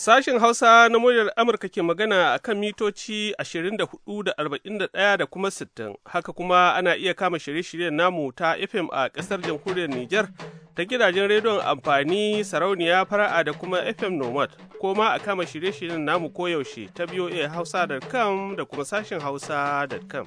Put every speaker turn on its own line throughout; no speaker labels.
Sashen Hausa na muryar Amurka ke magana a kan mitoci 24 da 41 da kuma 60, haka kuma ana iya kama shirye-shiryen namu ta FM a ƙasar jamhuriyar Nijar ta gidajen rediyon amfani sarauniya fara'a da kuma FM Nomad, ko ma a kama shirye-shiryen namu koyaushe ta biyo iya Hausa.com da kuma sashen Hausa.com.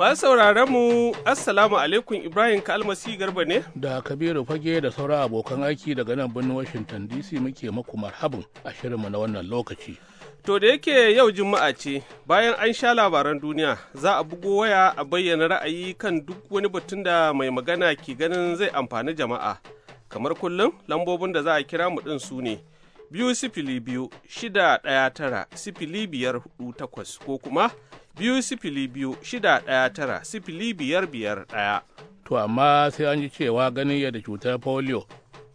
Masu sauraron mu Assalamu alaikum
Ibrahim Kalmasi Garba ne.
Da Kabiru Fage da sauran abokan aiki daga nan birnin Washington DC muke maku marhabin a shirinmu na wannan lokaci.
To da yake yau Juma'a ce bayan an sha labaran duniya za a bugo waya a bayyana ra'ayi kan duk wani batun da mai magana ke ganin zai amfani jama'a. Kamar kullum lambobin da za a kira mu ɗin su ne. biyu sifili biyu shida ɗaya tara sifili biyar hudu takwas ko kuma biyu sifili biyu shida ɗaya tara sifili biyar biyar ɗaya.
To amma sai an ji cewa ganin yadda cutar polio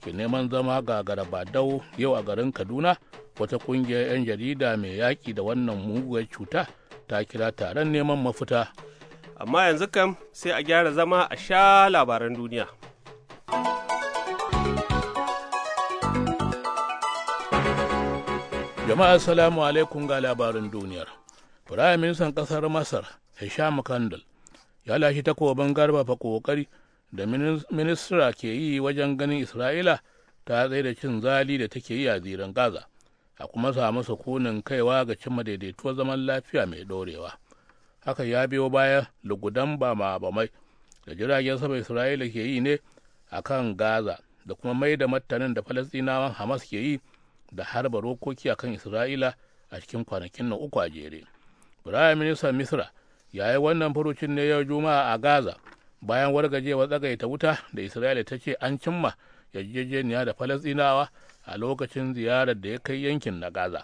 ke neman zama ga garabadau yau a garin Kaduna wata ƙungiyar 'yan jarida mai yaƙi da wannan muguwar cuta ta kira taron neman mafita.
Amma yanzu kam sai a gyara zama a sha
labaran duniya. Jama'a salamu alaikum ga labarin duniyar. firayim ministan ƙasar masar hisham kandal ya lashe takobin garbafa ƙoƙari da ministra ke yi wajen ganin isra'ila ta tsaye da cin zali da take yi a zirin gaza a kuma samu sukunin kaiwa ga cimma daidaituwar zaman lafiya mai ɗorewa haka ya biyo baya lugudan ba ma bamai da jiragen sama isra'ila ke yi ne a kan gaza da kuma mai da martanin da falasɗinawan hamas ke yi da harba rokoki a kan isra'ila a cikin kwanakin na uku a jere firayim ministan misra ya yi wannan furucin ne yau juma'a a gaza bayan wargajewa tsagaita wuta da isra'ila ta ce an cimma yarjejeniya da falasɗinawa a lokacin ziyarar da ya kai yankin na gaza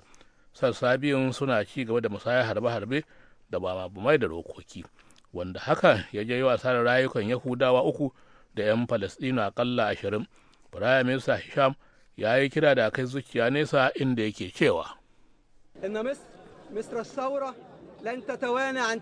sassa biyun suna ci gaba da musayar harbe-harbe da ba mai da rokoki wanda haka ya je yi jayo asarar rayukan yahudawa uku da 'yan falasɗina akalla ashirin firayim minista hisham ya yi kira da kai zuciya nesa inda yake cewa
لن تتوانى عن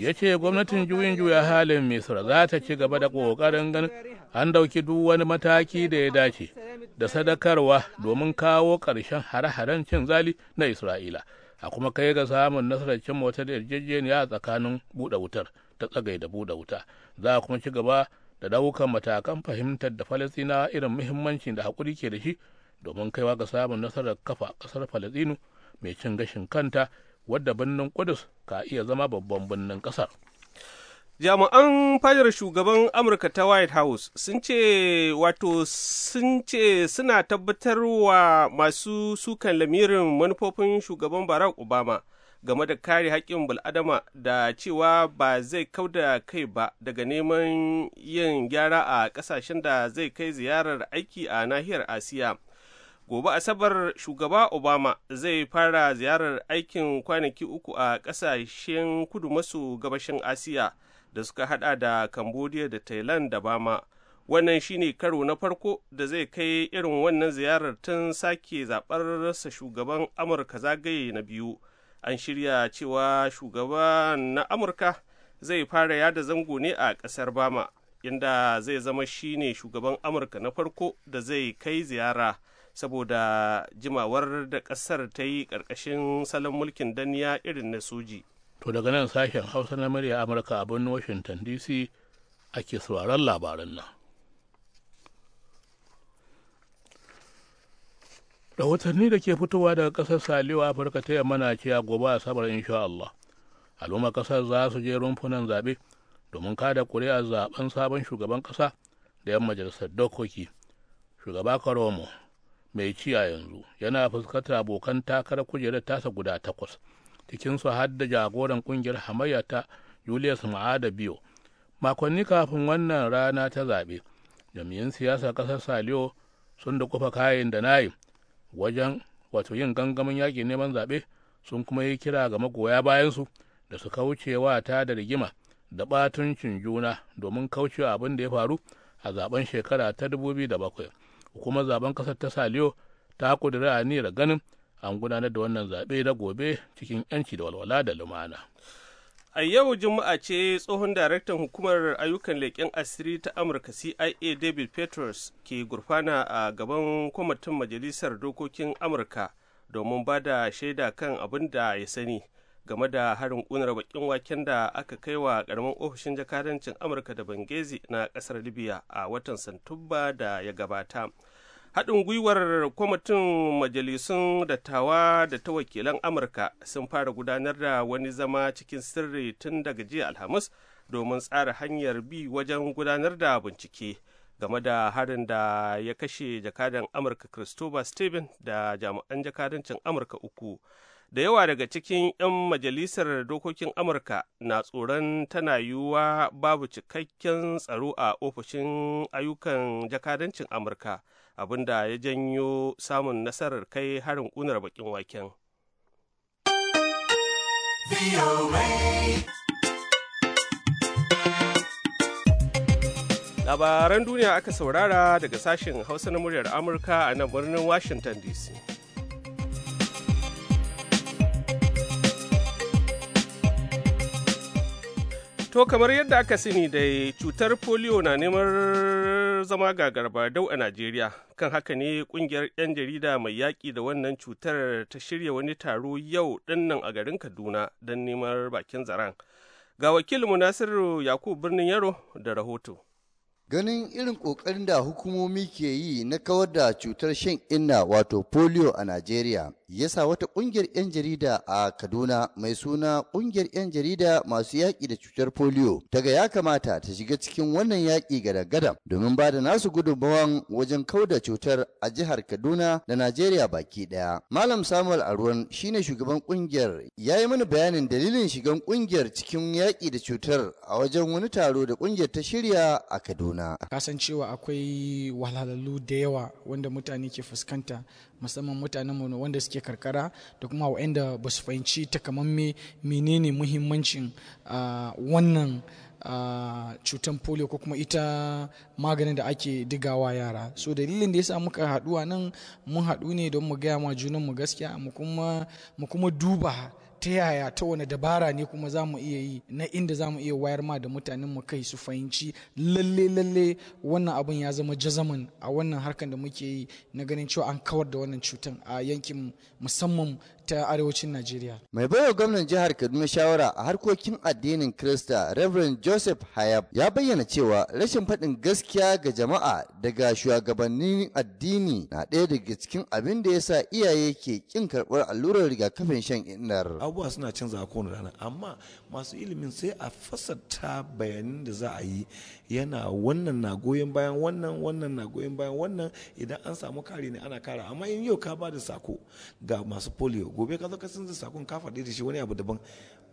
yace gwamnatin juyin juya halin Misra za ta ci gaba da kokarin ganin an dauki duk wani mataki da ya dace da sadakarwa domin kawo ƙarshen hare-haren cin zali na Isra'ila a kuma kai ga samun nasarar cin wata yarjejeniya a tsakanin buɗe wutar ta tsagai da buɗe wuta za a kuma ci gaba da ɗaukar matakan fahimtar da Falasina irin muhimmancin da haƙuri ke da shi domin kaiwa ga samun nasarar kafa ƙasar Falasinu mai cin gashin kanta wadda birnin Kudus ka iya zama babban birnin ƙasar.
Jami'an fadar shugaban Amurka ta White House sun ce wato sun ce suna wa masu sukan lamirin manufofin shugaban Barack Obama game da kare haƙƙin bul'adama da cewa ba zai kauda kai ba daga neman yin gyara a ƙasashen da zai kai ziyarar aiki a nahiyar Asiya. gobe asabar shugaba obama zai fara ziyarar aikin kwanaki uku a ƙasashen kudu maso gabashin asiya da suka hada da cambodia da thailand da bama wannan shine karo na farko da zai kai irin wannan ziyarar tun sake zaɓar rasa shugaban amurka zagaye na biyu an shirya cewa shugaban na amurka zai fara yada zango ne a ƙasar bama inda zai zama shine shugaban amurka na farko da zai kai ziyara saboda jimawar da ƙasar ta yi ƙarƙashin salon mulkin daniya irin na suji.
To daga nan sashen Hausa na murya Amurka a birnin Washington DC ake sauraron labaran nan. Rahotanni da ke fitowa daga ƙasar Saliwa Afirka ta yamma na cewa gobe a sabar insha Allah. Al'ummar ƙasar za su je rumfunan zaɓe domin kada ƙuri'ar zaɓen sabon shugaban ƙasa da 'yan majalisar dokoki. Shugaba Karomo mai ci a yanzu yana fuskantar abokan takarar kujerar tasa guda takwas cikinsu har da jagoran kungiyar hamayya ta julius ma'ada biyo makonni kafin wannan rana ta zaɓe jami'in siyasar ƙasar salio sun da kufa kayan da nayi wajen wato yin gangamin yaƙi neman zaɓe sun kuma yi kira ga magoya bayansu da su kaucewa ta da rigima da ɓatuncin juna domin kaucewa abin da ya faru a zaben shekara ta 2007 hukumar zaben kasar ta saliyo ta kudura aniyar ganin an gudanar da wannan zaɓe na gobe cikin yanci da walwala da lumana.
A yau Juma'a ce tsohon daraktan hukumar ayyukan leƙen asiri ta Amurka CIA David Petros ke gurfana a gaban kwamitin Majalisar Dokokin Amurka domin ba da shaida kan abin da ya sani. game da harin ƙunar bakin waken da aka kai wa ƙaramin ofishin jakadancin amurka da bangezi na ƙasar libya a watan santumba da ya gabata haɗin gwiwar kwamitin majalisun dattawa da ta wakilan amurka sun fara gudanar da wani zama cikin sirri tun daga jiya alhamis domin tsara hanyar bi wajen gudanar da bincike game da harin da ya kashe jakadan amurka christopher steven da jami'an jakadancin amurka uku da yawa daga cikin 'yan majalisar dokokin amurka na tsoron tana yiwuwa babu cikakken tsaro a ofishin ayyukan jakadancin amurka abinda ya janyo samun nasarar kai harin kunar bakin waken labaran duniya aka saurara daga sashen hausa na muryar amurka a nan birnin washington dc To kamar yadda aka sani da cutar polio na neman zama Garba, dau a Najeriya kan haka ne kungiyar 'yan jarida mai yaƙi da wannan cutar ta shirya wani taro yau dinnan a garin Kaduna don neman bakin zaran Ga wakilin Nasiru Yakubu Birnin Yaro da rahoto.
ganin irin ƙoƙarin da hukumomi ke yi na kawar da cutar shan inna wato polio a Najeriya yasa wata ƙungiyar 'yan jarida a Kaduna mai suna ƙungiyar 'yan jarida masu yaƙi da cutar polio daga ya kamata ta shiga cikin wannan yaƙi gada-gada domin ba da nasu gudunmawan wajen kawar da cutar a jihar Kaduna da Najeriya baki ɗaya. Malam Samuel Aruwan shine shugaban ƙungiyar ya yi mana bayanin dalilin shigan ƙungiyar cikin yaƙi da cutar a wajen wani taro da ƙungiyar ta shirya a Kaduna. da
kasan cewa akwai wahalhalu da yawa wanda mutane ke fuskanta musamman mutanen mu wanda suke karkara da kuma waanda ba su fahimci takamamme menene muhimmancin wannan cutan polio ko kuma ita maganin da ake digawa yara so dalilin da ya sa muka haduwa nan mun haɗu ne don mu gaya ma junan mu gaskiya mu kuma duba ta yaya ta wani dabara ne kuma za mu iya yi na inda za mu iya wayar ma da mutanen mu kai su fahimci lalle lalle wannan abin ya zama jazaman a wannan harkar da muke yi na ganin cewa an kawar da wannan cutan a yankin musamman ta arewacin Najeriya.
Mai baiwa gwamnan jihar Kaduna shawara a harkokin addinin Krista Reverend Joseph Hayab ya bayyana cewa rashin faɗin gaskiya ga jama'a daga shugabannin addini na ɗaya daga cikin abin da yasa iyaye ke kin karɓar allurar rigakafin shan innar. Abubuwa suna canza kowane rana amma masu ilimin sai a fasata
bayanin da za a yi yana wannan na goyon bayan wannan wannan na goyon bayan wannan idan an samu kare ne ana kara amma in yau ka ba da sako ga masu polio gobe ka zo ka sun sakon ka faɗi da shi wani abu daban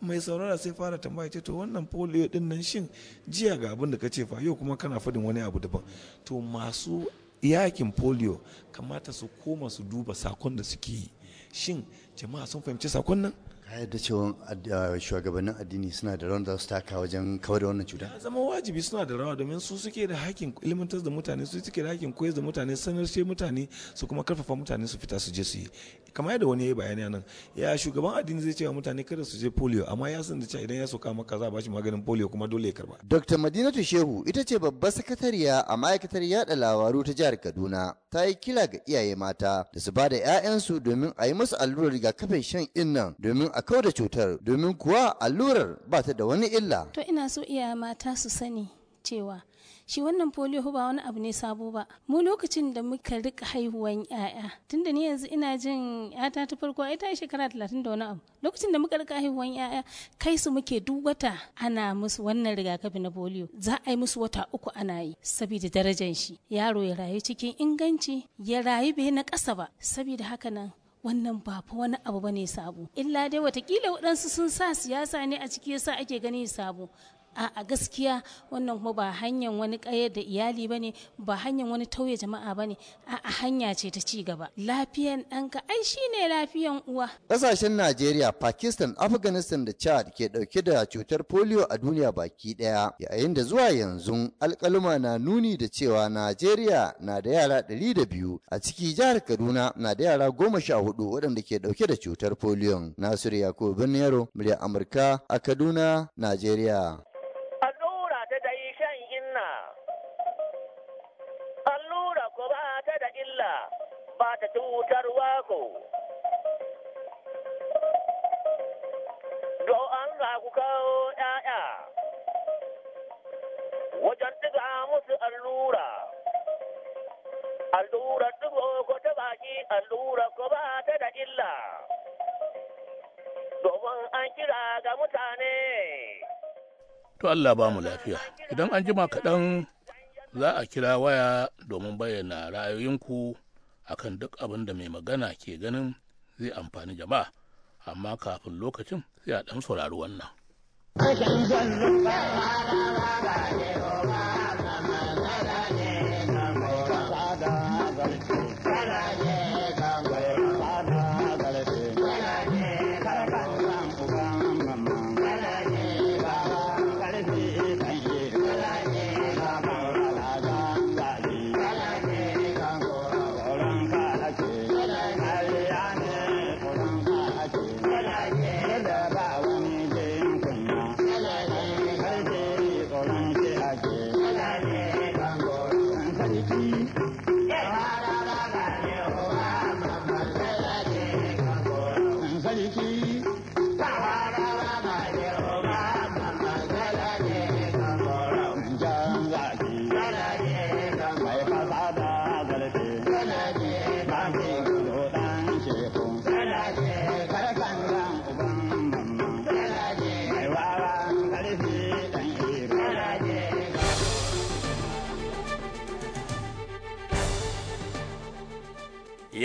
mai saurara sai fara tambaya ce to wannan polio din nan shin jiya ga abin da ka ce fa yau kuma kana faɗin wani abu daban to masu yakin polio kamata su koma su duba sakon da suke yi shin jama'a sun
fahimci sakon nan ka da cewa ah, shugabannin addini suna da rawar da su taka wajen kawar da wannan cuta ya
zama wajibi suna da rawa domin su suke da hakkin ilimantar da mutane su suke da hakkin koyar da mutane sanar ce mutane su kuma karfafa mutane su fita su je su yi kama yadda wani ya yi bayani nan ya shugaban addini zai ce wa mutane kada su je polio amma ya san da cewa idan ya soka maka za a bashi maganin polio kuma dole
ya karba dr madinatu shehu ita ce babbar sakatariya a ma'aikatar yada labaru ta jihar kaduna ta yi kila ga iyaye mata da su ba da 'ya'yansu domin a yi musu allurar rigakafin shan innan domin a a kau da cutar domin kuwa allurar ba ta da wani illa.
To ina so iya mata su sani cewa shi wannan polio ba wani abu ne sabo ba mu lokacin da muka rika haihuwan yaya tunda ni yanzu ina jin yata ta farko ita ta shekara talatin da wani abu lokacin da muka rika haihuwan yaya kai su muke duk wata ana musu wannan rigakafi na polio za a yi musu wata uku ana yi saboda darajar shi yaro ya rayu cikin inganci ya rayu bai na kasa ba sabida haka nan wannan ba fa wani abu bane sabo illa dai watakila waɗansu sun sa siyasa ne a ciki yasa ake ganin sabo a'a gaskiya wannan kuma ba hanyar wani ƙayar da iyali ba ne, ba hanyar wani tauye jama'a ba ne. a'a hanya ce ta ci gaba lafiyan ɗanka ai shi ne lafiyan uwa
ƙasashen Najeriya Pakistan Afghanistan da Chad ke ɗauke da cutar polio a duniya baki ɗaya yayin da zuwa yanzu alƙaluma na nuni da cewa Najeriya na da yara ɗari da biyu a ciki jihar Kaduna na da yara goma sha hudu waɗanda ke ɗauke da cutar polio Nasiru Yakubu Yaro, murya Amurka a Kaduna, Najeriya.
ku kawo ‘ya'ya wajen ɗiga musu allura, allura duk ko ta baki allura ko ba ta da illa,
domin an kira ga mutane. To Allah ba mu lafiya, idan an jima kaɗan za a kira waya domin bayyana ra'ayoyinku akan duk abin da mai magana ke ganin zai amfani jama'a. amma kafin lokacin sai a ɗan saurari wannan.
Aikin zan ba ba ba ba ba ba ba ba ba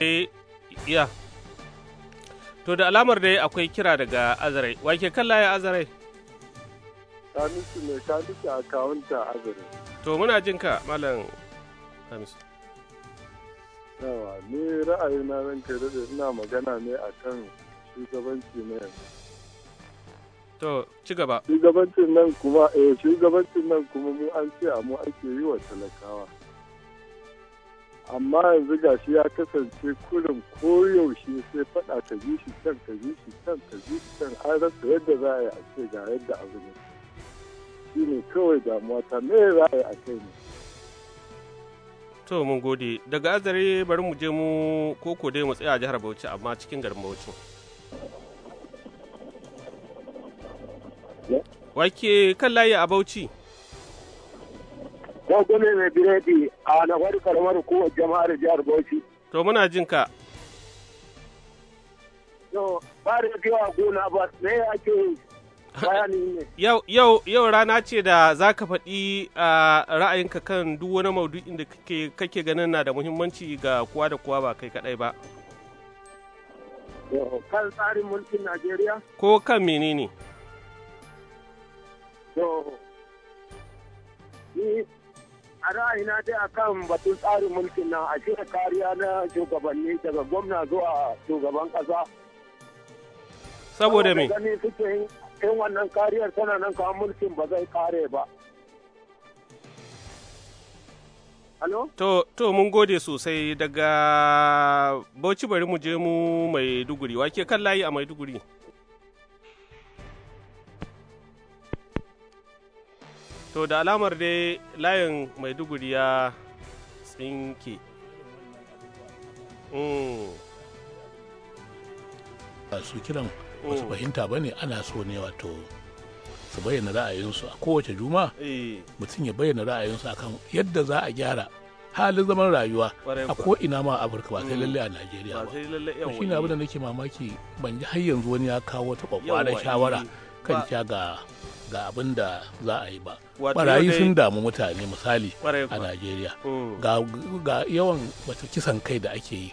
iya eh, to da alamar dai akwai kira daga azarai wake kan laye Ta
Samisu mai kalifi a kawunta azarai
to muna jin ka malam Samisu
yawa ni ra'ayina ran kai da ina magana ne akan shugabanci na yanzu
to ci gaba
shugabancin nan kuma eh shugabancin nan kuma mu an ce a mu ake yi wa talakawa amma yanzu ga shi ya kasance kurin koyaushe sai faɗa ka ji shi can ka ji shi can ka ji shi can an rasa yadda za a yi a ce ga yadda abu ne shi ne kawai damuwa ta me za a yi a kai ne.
to mun gode daga azare bari mu je mu koko dai mu tsaya jihar bauchi amma cikin garin bauchi. wake kan layi a bauchi.
ko kuma mai biredi a na nagwari karamar hukumar jama'ar jihar Bauchi.
To muna jin ka.
To ba da wa gona ba me ake
Yau, yau, yau rana ce da za ka faɗi ra'ayinka kan duk wani maudu'in da kake ganin na da muhimmanci ga kowa da kowa ba kai kaɗai ba.
Kan tsarin mulkin Najeriya?
Ko kan menene?
ni a ra'ayina dai kan batun tsarin mulkin na, a shirya kariya na shugabanni daga gwamna zuwa shugaban ƙasa.
Saboda me? Gani
suke in wannan kariyar tana nan kawo mulkin ba zai kare ba.
To, to mun gode sosai daga Bauchi bari mu je mu wa wake kan layi a mai duguri? to da alamar dai layin maiduguri ya tsinke mm.
su kiran wasu mm. fahimta ba ne ana so ne wato su bayyana ra'ayinsu a kowace juma eh. mutum ya bayyana ra'ayinsu akan yadda za a gyara halin zaman rayuwa a ko ina ma afirka ba sai mm. lalle a
najeriya ba shi ne abin eh.
nake mamaki ban ji har yanzu wani ya kawo ta kwakwaran eh. shawara kan sha ga ga abin da za a yi ba barayi sun damu mutane misali a najeriya hmm. ga yawan wata kisan kai da ake yi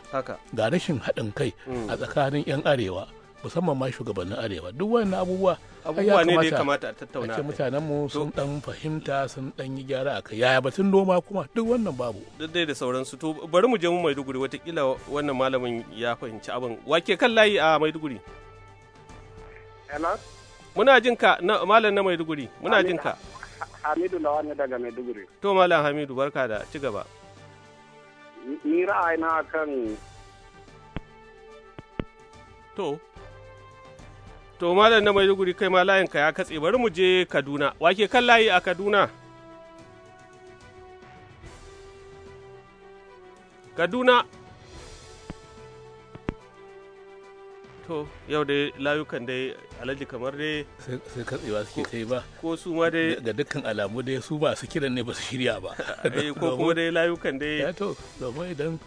ga rashin haɗin kai hmm. a tsakanin 'yan arewa musamman ma shugabannin arewa duk wannan abubuwa abubuwa ne da ya kamata a tattauna ake mutanen mu sun dan fahimta sun dan yi gyara akai yaya batun noma kuma duk wannan babu
duk dai da sauransu to bari mu je mu Maiduguri watakila wannan malamin ya fahimci abin wake kan layi a Maiduguri hello Muna jin ka na malam na Maiduguri, muna jin ka.
Hamidu na wani daga Maiduguri.
To malam Hamidu barka da ci gaba.
Ni ra'ayina kan
To To malam na Maiduguri kai ma layin ka ya katse bari mu je Kaduna. Wake kan layi a Kaduna? Kaduna to yau dai layukan dai alhaji kamar dai
sai katsewa suke sai ba ko su ma dai ga dukkan alamu dai su ba su kiran ne ba su shirya ba eh, ko kuma dai layukan dai eh, to domin idan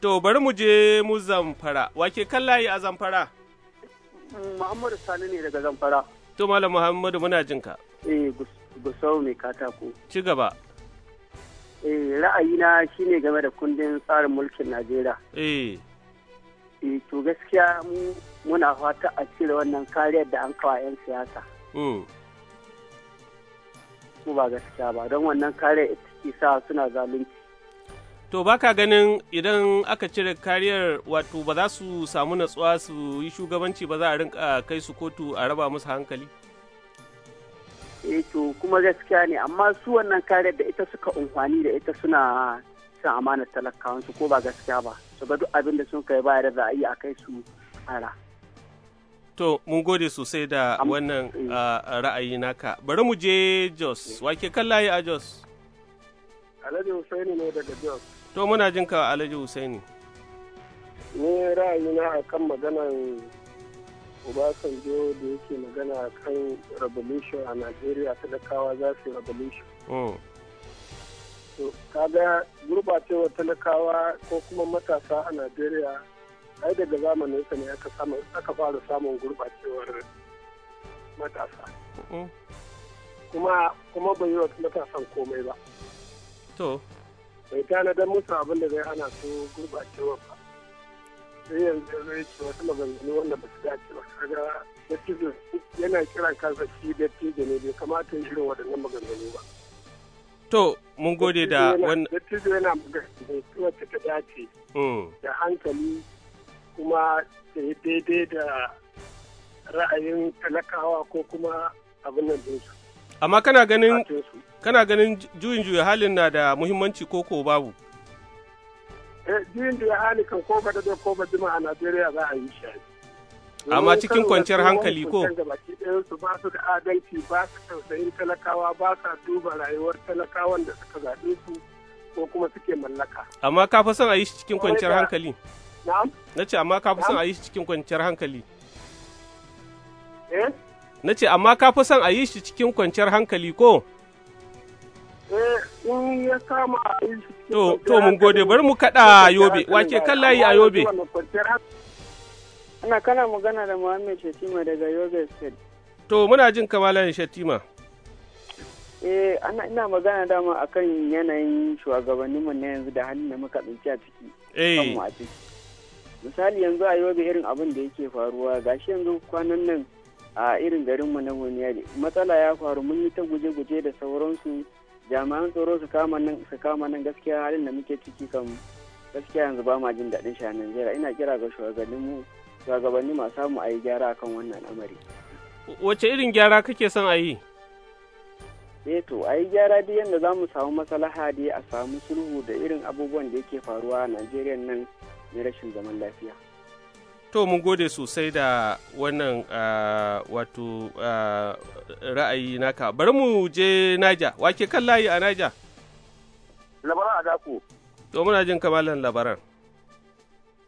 to bari mu je mu
zamfara wake kan layi a zamfara
muhammadu sani ne daga zamfara
to malam muhammadu muna jin ka eh gusau
ne katako ci gaba eh ra'ayina shine game da kundin tsarin mulkin najeriya eh e to gaskiya muna fata a cire wannan kariyar da an kawo 'yan siyasa mu hmm. ba gaskiya ba don wannan kariyar ita ke sa suna zalunci
To baka ganin idan aka cire kariyar wato ba za su samu natsuwa su yi shugabanci ba za a rinka kai su kotu a raba musu hankali?
Eh to kuma gaskiya ne amma su wannan kariyar da ita suka umfani da ita suna cin amanar su ko ba gaskiya ba su ga duk abin da sun kai ba da za a yi a kai su ara.
To, mun gode sosai da wannan eh. ra'ayi naka. Bari mu je Jos, eh. wake kan layi a Jos?
Alhaji Husaini ne daga Jos.
To, muna jin ka Alhaji Husaini.
Ni ra'ayi na a kan maganan Obasanjo da yake magana kan revolution a Najeriya dakawa za su revolution. Oh. to kaga gurbacewa talakawa ko kuma matasa a najeriya ai daga zamanin sa ne aka fara samun gurbacewar matasa kuma kuma bai yi wa matasan komai ba to bai tanadar musu abin da zai hana su gurbacewar ba sai yanzu ya ce wasu maganganu wanda ba su dace ba kaga dattijo yana kiran kansa shi dattijo ne bai kamata irin waɗannan maganganu ba
To, mun gode
da wannan.
Dattijo yana wacce ta dace hmm. da hankali kuma da daidai da ra'ayin talakawa ko kuma abin nan dinsu.
Amma kana ganin kana ganin juyin juya halin na da muhimmanci ko ko babu?
Eh, juyin juya halin kan ko ba da ko ba jima a Najeriya za a yi shi.
amma cikin kwanciyar hankali ko
su ba su da adalci ba su tausayin talakawa ba sa duba rayuwar talakawan da suka zaɓe su ko kuma suke mallaka
amma ka fi son a yi shi cikin kwanciyar hankali na ce amma ka fi son a yi shi cikin kwanciyar hankali eh? na ce amma ka fi son a yi shi cikin kwanciyar hankali ko eh, to mun gode bari mu kaɗa yobe wake kan layi a yobe
Ana kana magana da Muhammad Shatima daga Yoga State.
To muna jin kamalan Shatima.
Eh ana ina magana dama akan yanayin shugabanninmu na yanzu da halin da muka tsinci a ciki. Eh. Misali yanzu a yoga irin abin da yake faruwa gashi yanzu kwanan nan a irin garinmu na Buniyari matsala ya faru mun yi ta guje-guje da sauransu jami'an tsaro su kama nan su kama nan gaskiya halin da muke ciki kan gaskiya yanzu ba ma jin daɗin shi a Najeriya ina kira ga shugabanninmu mu shugabanni masu samu a yi gyara kan wannan al'amari.
Wace irin gyara kake son a yi?
Eh a yi gyara dai yadda za mu samu maslaha dai a samu sulhu da irin abubuwan da yake faruwa a Najeriya nan na rashin zaman lafiya.
To, mun gode sosai da wannan wato ra'ayi naka. Bari mu je Naja, wake kan layi a Naja? Labaran a To, muna jin kamalan labaran.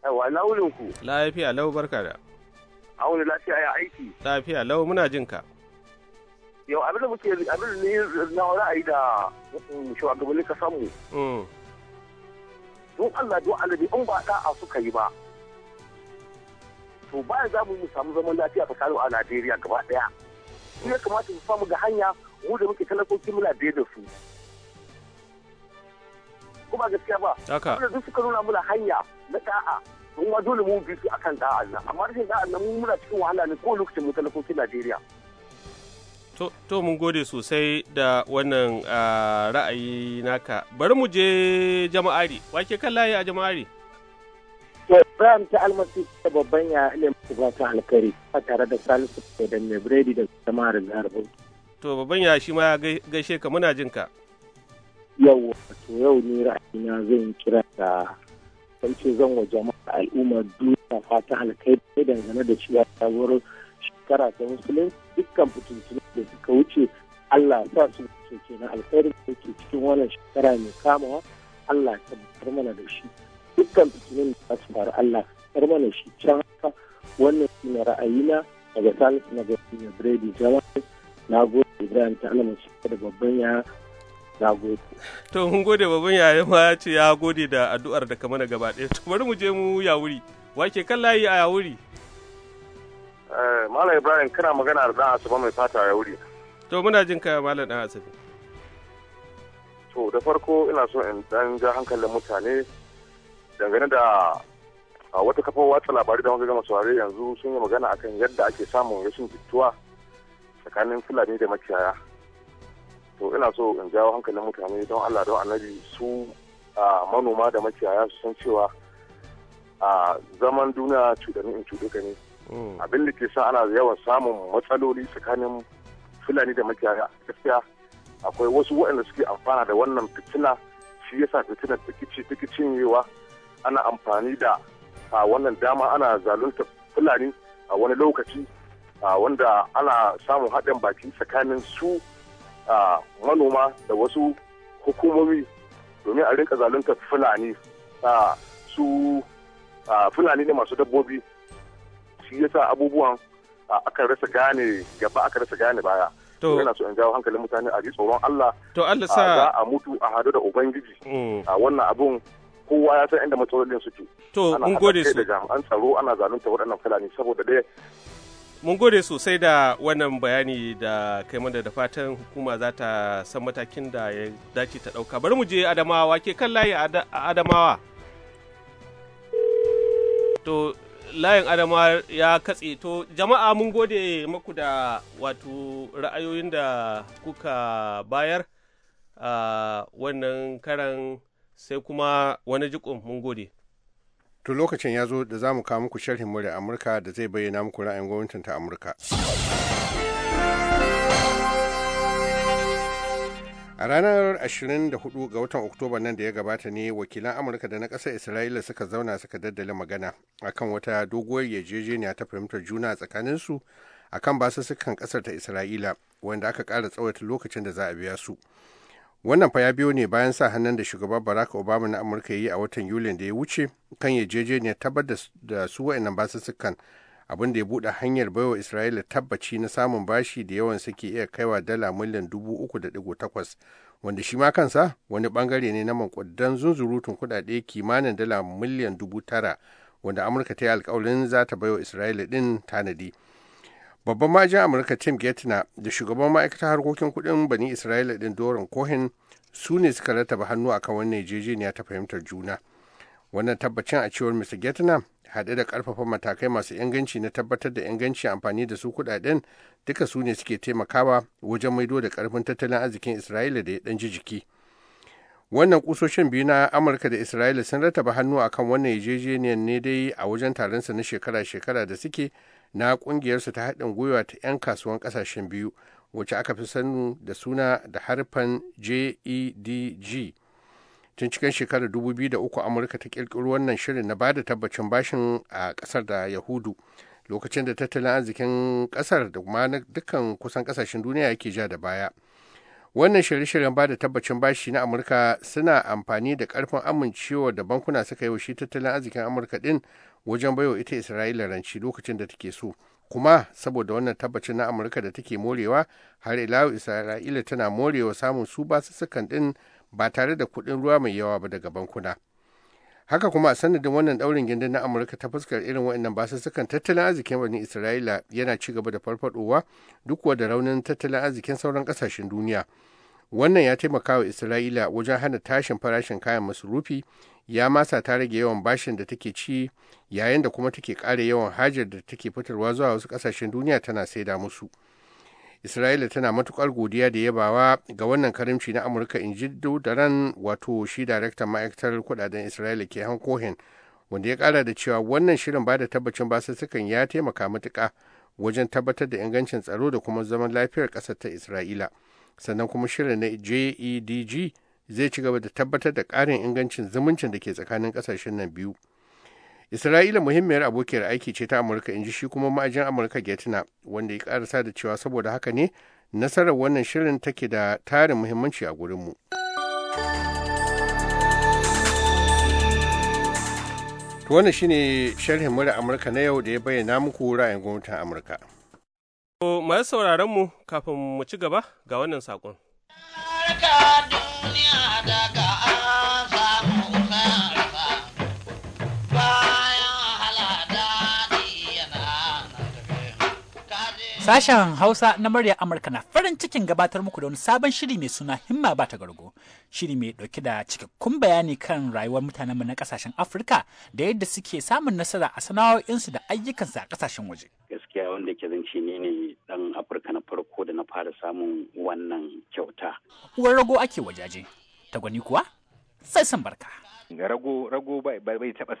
Yawa launin
ku. Lafiya lau barka da.
A wani lafiya ya aiki.
Lafiya lau muna jin ka.
Yau abin da muke abin da ni na ra'ayi da mm, shugabanni ka samu. Mm. Don Allah don Allah in ba a suka yi ba. To baya za mu samu zaman lafiya tsakanin a Najeriya gaba ɗaya. Shi ya kamata mu samu ga hanya mu da muke talakoki muna biye da su. Kuma gaskiya ba. Haka. Duk suka nuna muna hanya na ta'a. mun ma dole mun bi su akan da'an nan amma rashin da'an nan mun muna cikin wahala ne ko lokacin mu talakokin Najeriya
To, mun gode sosai da wannan ra'ayi naka. Bari mu je jama'ari. Wake kan layi a jama'ari? To, Ibrahim ta
almasi ta babban ya ilim masu ba ta alkari a tare da salisu da mai biredi da jama'ar Zarabu.
To, babban ya shi ma ya gaishe ka muna jin ka.
Yau, to yau ni ra'ayi na zan kira da san ce zan wa jama'a al'umma duniya fata alkai da dangane da cewa sabuwar shekara ta musulun dukkan fitintunu da suka wuce Allah sa su ce kenan alkhairin da ke cikin wannan shekara mai kamawa Allah tabbatar mana da shi dukkan fitinin da su faru Allah tabbatar mana shi can haka wannan shi ne ra'ayina daga salisu na gaskiya biredi jama'a na gode ibrahim ta alamun da babban yaya na gode
to mun gode baban yaya ma ya ce ya gode da addu'ar da kama na gaba ɗaya to bari mu je mu ya wuri
wake kan layi a ya wuri eh, Malam Ibrahim kana magana da ɗan asuba mai fata ya wuri.
To muna jin kaya Malam ɗan asuba.
To da farko ina so in dan ja hankalin mutane dangane da wata kafar watsa labarai da muka gama saurare yanzu sun yi magana akan yadda ake samun rashin jituwa tsakanin Fulani da makiyaya. to ina so in jawo hankalin mutane don allah don annabi su a manoma da makiyaya su san cewa a zaman duniya cudani in ka ne mm. abin da ke sa ana yawan samun matsaloli tsakanin fulani da makiyaya gaskiya akwai wasu waɗanda suke amfana da wannan fitina shi yasa fitinar tikici tikicin yewa ana amfani da a wannan dama ana zalunta fulani a wani lokaci wanda ana samun haɗin baki tsakanin su a manoma da wasu hukumomi domin a rinka zalunta fulani su fulani ne masu dabbobi shi yasa abubuwan aka rasa gane gaba aka rasa gane baya to yana so in jawo hankalin mutane a ji tsoron Allah to Allah sa za a mutu a hadu da ubangiji mm. a wannan abun kowa ya san inda matsalolin suke to mun gode su an jami'an tsaro ana zalunta waɗannan fulani saboda dai
mun gode sosai da wannan bayani da kai mana da fatan hukuma za ta san matakin da ya dace ta ɗauka bari mu je adamawa ke kan layi adamawa to layin Adamawa ya katse to jama'a mun gode maku da wato ra'ayoyin da kuka bayar a wannan karan sai
kuma wani jikon mun gode To lokacin ya zo da za mu kawo muku sharhin murya Amurka da zai bayyana muku ra'ayin gwamnatin ta Amurka. A ranar 24 ga watan Oktoba nan da ya gabata ne wakilan Amurka da na ƙasar Isra'ila suka zauna suka daddale magana akan wata doguwar yarjejeniya ta fahimtar juna tsakanin su akan sukan ƙasar ta Isra'ila wanda aka ƙara tsawaita lokacin da za a biya su. wannan fa ya biyo ne bayan sa hannun da shugaban barack obama na amurka ya yi a watan yulin da ya wuce kan ya yarjejeniyar tabbatar da su wa'annan basussukan abin da ya bude hanyar baiwa isra'ila tabbaci na samun bashi da yawan suke iya kaiwa dala miliyan dubu uku da digo takwas wanda shi ma kansa wani bangare ne na mankudan zunzurutun kudade kimanin dala miliyan dubu tara wanda amurka ta yi alkawarin za ta baiwa isra'ila din tanadi babban majin amurka tim getna da shugaban ma'aikatar harkokin kudin bani isra'ila din doron cohen su ne suka rattaba hannu akan wannan yarjejeniya ta fahimtar juna wannan tabbacin a cewar mr getna haɗe da ƙarfafa matakai masu inganci na tabbatar da inganci amfani da su kuɗaɗen duka su ne suke taimakawa wajen maido da karfin tattalin arzikin isra'ila da ya ɗan ji jiki wannan kusoshin biyu na amurka da isra'ila sun rataba hannu akan wannan yarjejeniyar ne dai a wajen taron sa na shekara-shekara da suke na ƙungiyarsu ta haɗin gwiwa ta 'yan kasuwan ƙasashen biyu wacce aka fi sanu da suna da harfan jedg tun cikin shekarar 2003 amurka ta ƙirƙiro wannan shirin na bada tabbacin bashin a ƙasar da yahudu lokacin da tattalin arzikin ƙasar da kuma na dukkan kusan ƙasashen duniya yake ja da baya wannan shirye-shiryen bada tabbacin bashi na amurka suna amfani da ƙarfin amincewa da bankuna suka yi wa shi tattalin arzikin amurka din wajen baiwa ita isra'ila ranci lokacin da take so kuma saboda wannan tabbacin na amurka da take morewa har ila isra'ila tana morewa samun su basussukan din ba tare da kuɗin ruwa mai yawa ba daga bankuna haka kuma a sanadin wannan daurin gindin na amurka ta fuskar irin su basussukan tattalin arzikin wani isra'ila yana ci gaba da farfadowa duk da raunin tattalin arzikin sauran kasashen duniya wannan ya taimaka wa isra'ila wajen hana tashin farashin kayan masurufi ya masa ta rage yawan bashin da take ci yayin da kuma take kare yawan hajar da take fitarwa zuwa wasu ƙasashen duniya tana saida musu isra'ila tana matukar godiya da yabawa ga wannan karimci na amurka in ji daren wato shi daraktan ma'aikatar kudaden isra'ila ke hankohin wanda ya kara da cewa wannan shirin ba da tabbacin basussukan ya taimaka matuka wajen tabbatar da ingancin tsaro da kuma zaman lafiyar ƙasar ta isra'ila sannan kuma shirin na jedg zai ci gaba da tabbatar da ƙarin ingancin zumuncin da ke tsakanin ƙasashen nan biyu isra'ila muhimmiyar abokiyar aiki ce ta amurka in ji shi kuma ma'ajin amurka getna wanda ya karasa da cewa saboda haka ne nasarar wannan shirin take da tarin muhimmanci a gurinmu to wannan shine sharhin mura amurka na yau da ya bayyana muku ra'ayin gwamnatin amurka
masu sauraron mu kafin mu ci gaba ga wannan saƙon
Sashen Hausa na murya
Amurka na farin cikin gabatar muku da wani sabon shiri mai suna himma ba ta gargo. Shiri mai dauke da cikakkun bayani kan rayuwar mutanenmu na kasashen Afirka da yadda suke samun nasara a
sana'o'insu da ayyukansu a kasashen waje. gaskiya wanda ke zance ne ne dan afirka na farko da na fara samun wannan kyauta uwar rago ake wajaje ta kuwa
sai san barka rago rago bai taba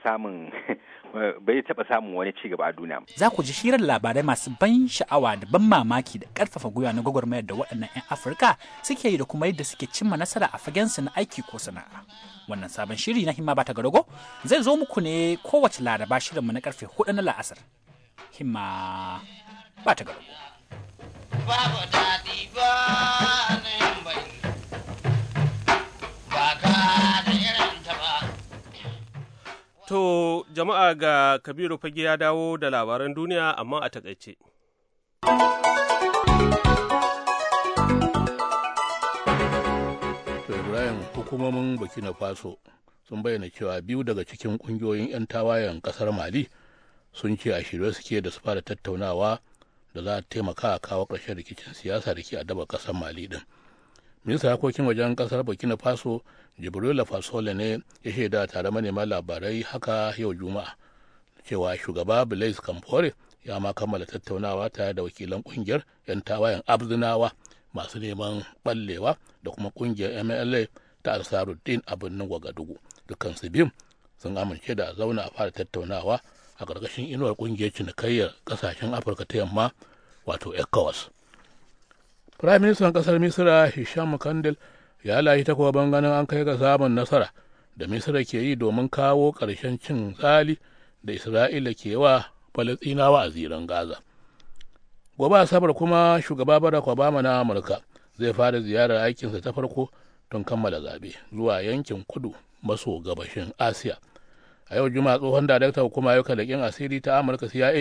samun wani ci gaba a duniya
za ku ji shirar labarai masu ban sha'awa da ban mamaki da karfafa gwiwa na gwagwarmayar da waɗannan 'yan afirka suke yi da kuma yadda suke cimma nasara a fagen su na aiki ko sana'a wannan sabon shiri na himma ba ta rago zai zo muku ne kowace laraba shirinmu na karfe hudu na la'asar himma ba ta
Babu daɗi ba na yin ba
ka da
irin ta ba.
To, jama'a ga Kabiru fage ya dawo da labaran duniya amma a takaice.
To, Ibrahim, hukumomin Burkina Faso sun bayyana cewa biyu daga cikin ƙungiyoyin 'yan tawayen ƙasar Mali. sun ce a shirye suke da su fara tattaunawa da za a taimaka a kawo ƙarshen rikicin siyasa da ke daba ƙasar mali din minista harkokin wajen ƙasar burkina faso jibrila fasole ne ya shaida tare manema labarai haka yau juma'a cewa shugaba blaise kamfore ya ma kammala tattaunawa tare da wakilan ƙungiyar 'yan tawayen abzinawa masu neman ballewa da kuma ƙungiyar mla ta ansaruddin a birnin wagadugu dukkan su biyun sun amince da zauna a fara tattaunawa a ƙarƙashin inuwar ƙungiyar cinikayyar ƙasashen afirka ta yamma wato ecowas firayim ministan ƙasar misira hisham kandil ya layi takwaban ganin an kai ga samun nasara da misira ke yi domin kawo ƙarshen cin tsali da isra'ila ke wa falastinawa a ziran gaza gobe asabar kuma shugaba barak obama na amurka zai fara ziyarar aikinsa ta farko tun kammala zabe zuwa yankin kudu maso gabashin asiya a yau juma'a tsohon darakta hukumar ayyukan leƙen asiri ta amurka cia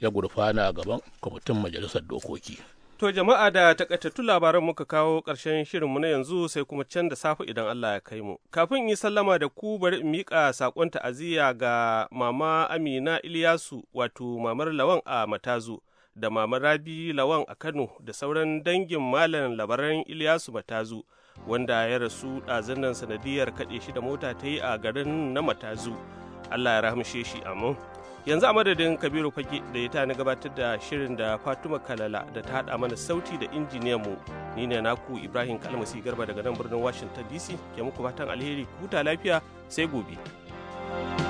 ya gurfana a gaban kwamitin majalisar dokoki to jama'a
da takaitattun labaran muka kawo ƙarshen shirinmu na yanzu sai kuma can da safe idan allah ya kai mu kafin yi sallama da ku bari in miƙa saƙon ta'aziyya ga mama amina iliyasu wato mamar lawan a matazu da mama rabi lawan a kano da sauran dangin malam labaran iliyasu matazu wanda ya rasu a ɗazunan sanadiyar kaɗe shi da mota ta yi a garin na matazu allah ya rahamshe shi amin yanzu a madadin kabiru fage da ya na gabatar da shirin da fatuma kalala da ta haɗa mana sauti da injiniyan mu ni ne naku ibrahim kalmasi garba daga nan birnin washington dc ke muku fatan alheri huta lafiya sai gobe. thank you